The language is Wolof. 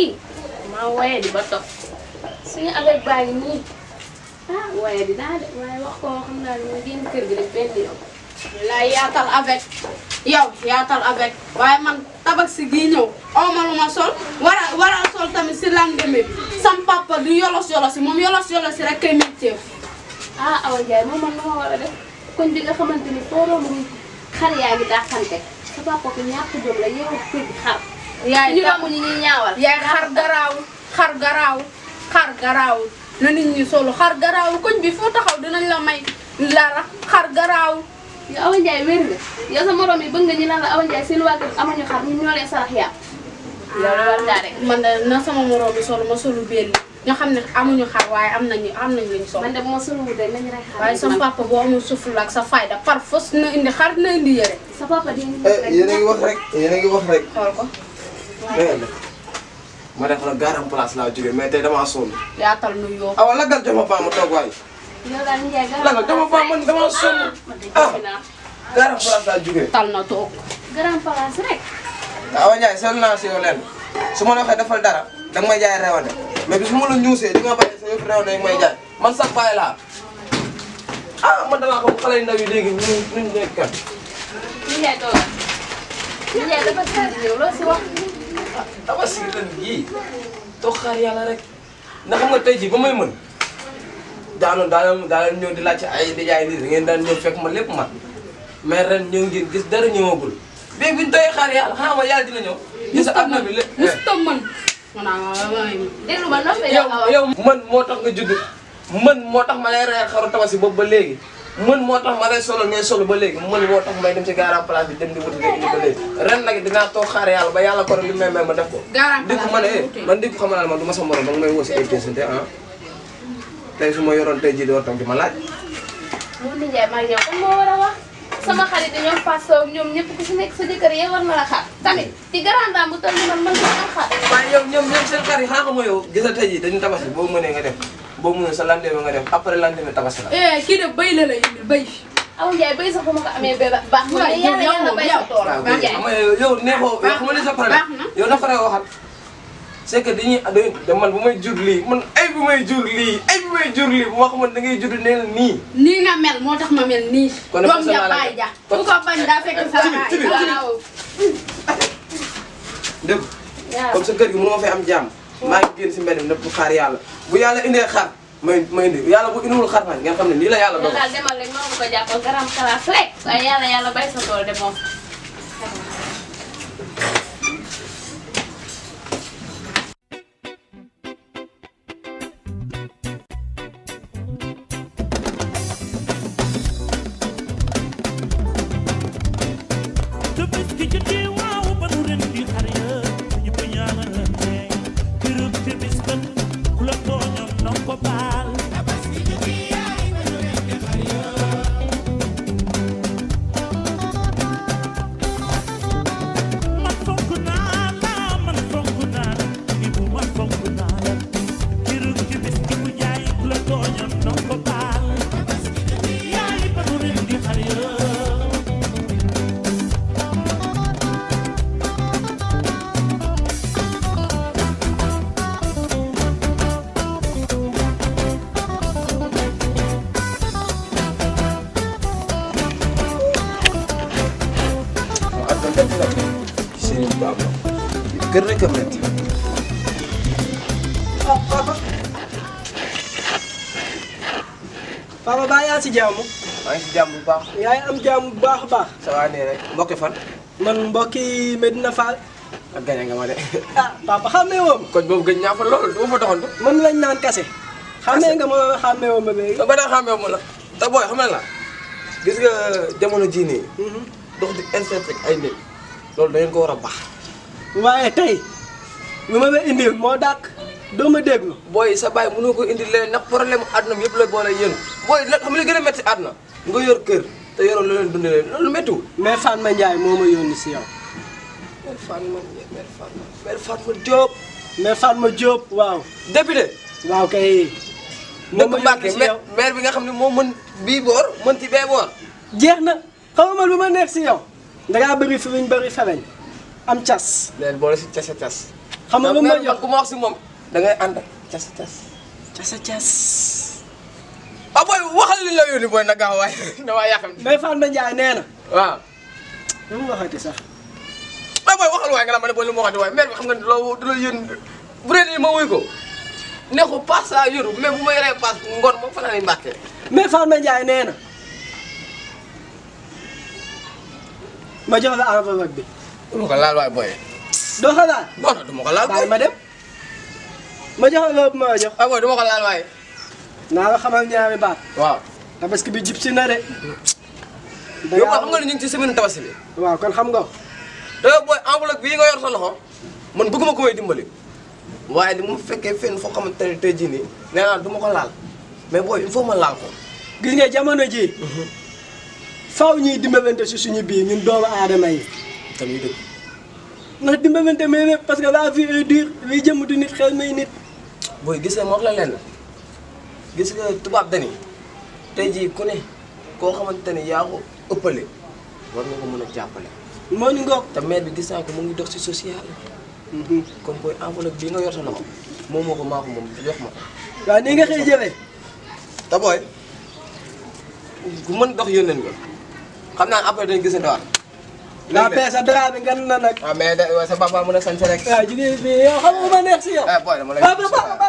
kii maa woye di ba toog suñu avec baa ngi nii ah woye di daa de waaye wax ko xam naa ne mooy génn kër gi rek benn yoon. laay yaatal avec yow yaatal avec waaye man tabax si gii ñëw ooma oh, lu ma sol war a a sol tamit si lendemain bi sam papa du yolos yolosi moom yolos yolosi rek kay métier ah Awa moom man na war a def koñ bi nga xamante ni foo romb xar yaa ngi daaxante sa ko ñàkk jom la yeewu kër gi xar. yaay ñu romb ñi ñuy ñaawal. yaay xar garaaw xar garaaw xar garaaw na nit ñi solo xar garaaw koñ bi foo taxaw dinañ la may lara xar garaaw. yow Awa Ndiaye wér nga yow sa morom yi bëgg nga ñu naan la Awa Ndiaye seen waa kër amuñu xar ñu ñoo leen sarax yàpp. loolu war naa rek man de na sama morom bi solo ma solu benn xam ne amuñu xar waaye am nañu am nañu luñ solo. man de moo solu de nañu rek xar. waaye sa papa boo amul suful ak sa fayda par force na indi xar na indi yére. sa papa di indi yére. Eh, yéen a ngi wax rek yéen a wax rek. xool ko. dégg ma def la garam place laa jógee mais tey damaa sonn. yaatal nu yoo. awa ah, lagal jox ma paa ma toog waay. yow daal Ndiaye ma paa man damaa sonn. ah, ah garam place laa jógee. tal na toog. garam place rek. Ah, awa Ndiaye seetlu naa si yow lenn su ma la defal dara danga may jaay rewande mais bi su ma la ñuusee di nga bàyyi sa na rewande may jaay man sax bàyyi laa ah man damaa xam xale ndaw yi léegi ñu ñu nekk kat. tabaski ren yii toog xaar yàlla rek ndax nga tey jii ba may mën daanoon daanoon daanoon ñëw di laajte ay di jaay lii da ngeen daan ñëw fekk ma lépp ma mais ren ñëw ngeen gis dara ñëwagul léegi bu ñu tooyee xaar yàlla xanaa ma yàlla dina ñëw. gis àdduna bi lépp mosut a mën. déglu ma yow man moo tax nga judd man moo tax ma lay reer xaru si boobu ba léegi. mën moo tax ma lay solo ngay solo ba léegi mën moo tax may dem ci garan place bi dem di wuti léegi ba léegi ren nag dinaa xaar yàlla ba yàlla ko li ko dikk man man dikk xamal man du ma sa morom ba nga may woo si ah. su ma yoroon tey jii doo toog di ma laaj Mourou Ndiaye maa ngi ñëw kon moo war a wax sama xarit yi ñoom Fatou Sow ñoom ñëpp ku si nekk sa jëkkër yee war na la xaar tamit ci grande dame bu toll nii man man ma am xaar waaye ñoom ñoom ñoom seen xar yi xaaxama yow gisa tey jii dañu tabaski boo mënee nga def boo mënul sa lendemain nga dem après lendemain tabaski la. Eh, kii de béy la la indil béy. aw Ndiaye béy sax bu ma ko amee béy ba na. yàlla yàlla béy sa tool waaw que dañuy da man bu may jur lii man ay bu may ay bu may jur lii bu da ngay jur nee na nii. nii nga moo tax ma mel nii. kon nag sama la ja ku ko bañ daa fekk sa sa kër gi mënoo fay am jàmm maa ngi génn si mbedd mi nëpp xaar yàlla bu yàlla indee xar may may indi yàlla bu indiwul xar nag ngeen xam ne lii la yàlla dogal. daal demal rek noonu ko jàppal garam kalaas rek waaye yàlla yàlla bay sa tool de moom. Tëbës ki ci waaw global. ማለት ነው። ኪሴን ባባ ግርግር ነው። papa baa yaa si jàmm. maa si jàmm bu baax. yaa ngi am jàmm bu baax a baax. ça nii rek mbokki fan. man mbokki Medina Fall. ak gañe nga ma de. ah papa xàmmee woon. koñ boobu gëj naa lool du ma fa doxantu. moom lañ naan kase. xàmmee nga ma xàmmee ba léegi. ba daa xàmmee la te booy xam la gis nga jamono jii nii. Mhm. dox di insecte ay nit. loolu da ko war a baax. waaye tey lu ma la indil moo dàq doo ma déglu. booy sa baay noo ko indi leneen ndax problème àdduna bi yëpp la boole yéen booy na xam li gën a métti àdduna nga yor kër te yoroon la leen dundalee mais Fatma ma yónni si yow. mère Fatma mère Fatma mère Fatma Diop. mère Fatma Diop waaw. député. ma maire bi nga xam ne moo mën bii boor mën ti bee boor. jeex na xaw ma lu ma neex si yow. dangaa bëri fi ñu bëri feleñ am cas. leen boole si cas cas. xam nga lu ma jox ku ma wax si moom da ngay ànd cas a cas. cas a cas. ah booy waxal li la yónni booy na gaaw waaye damaa yàqam. mais Fatma Ndiaye nee na. waaw. lu mu waxati sax. ah booy waxal waaye nga naan ma ne booy lu mu waxati waaye mère bi xam nga ne loo du la yónni bu dee ma wuy ko. ne ko paas laa yoru mais bu ma yoree paas ngoon moom fa la ñuy mbàkkee. mais Fatma Ndiaye nee na. ma jox la enveloppe bi. du ma ko laal waay booy. doo ko laal. non non du ma ko laal booy ma dem. ma jox la ma jox. waaw ah, booy du ma ko laal waay. naa la xamal ñaari baat. waaw. tabaski bi jib si na de. da yow xam nga ne ñu ngi ci semaine tabaski bi. waaw kon xam nga. dayoo booy enveloppe bii nga yor sa loxo man bëgguma ko may dimbali. waaye ni mu fekkee fenn foo xamante ne tey jii nii nee naa du ma ko laal mais booy il faut ma laal ko. gis nga jamono ji mhm. faaw ñuy dimbalante si suñu biir ñun doomu aadama yi tamit dëgg ndax dimbalante mais parce que la vie est dure liy jëm du nit xel may nit. booy gis nga moo la lenn gis nga tubaab dañuy tey jii ku ne koo xamante ne yaa ko ëppale war nga ko mën a jàppale. moo ni ngoog te bi gis naa ko mu ngi dox si social. Mhm. comme booy enveloppe bii nga yor sa moom moo ko maa ko moom jox ma ko. waaw ni nga xëy jëlee. te ku mën dox yónneen nga. xam naa après dañu gisante waat. léegi nag sa dara bi gan na nag. ah mais sa papa mën a sant rek. waaw ah, jigéen bi yow xam nga ma neex si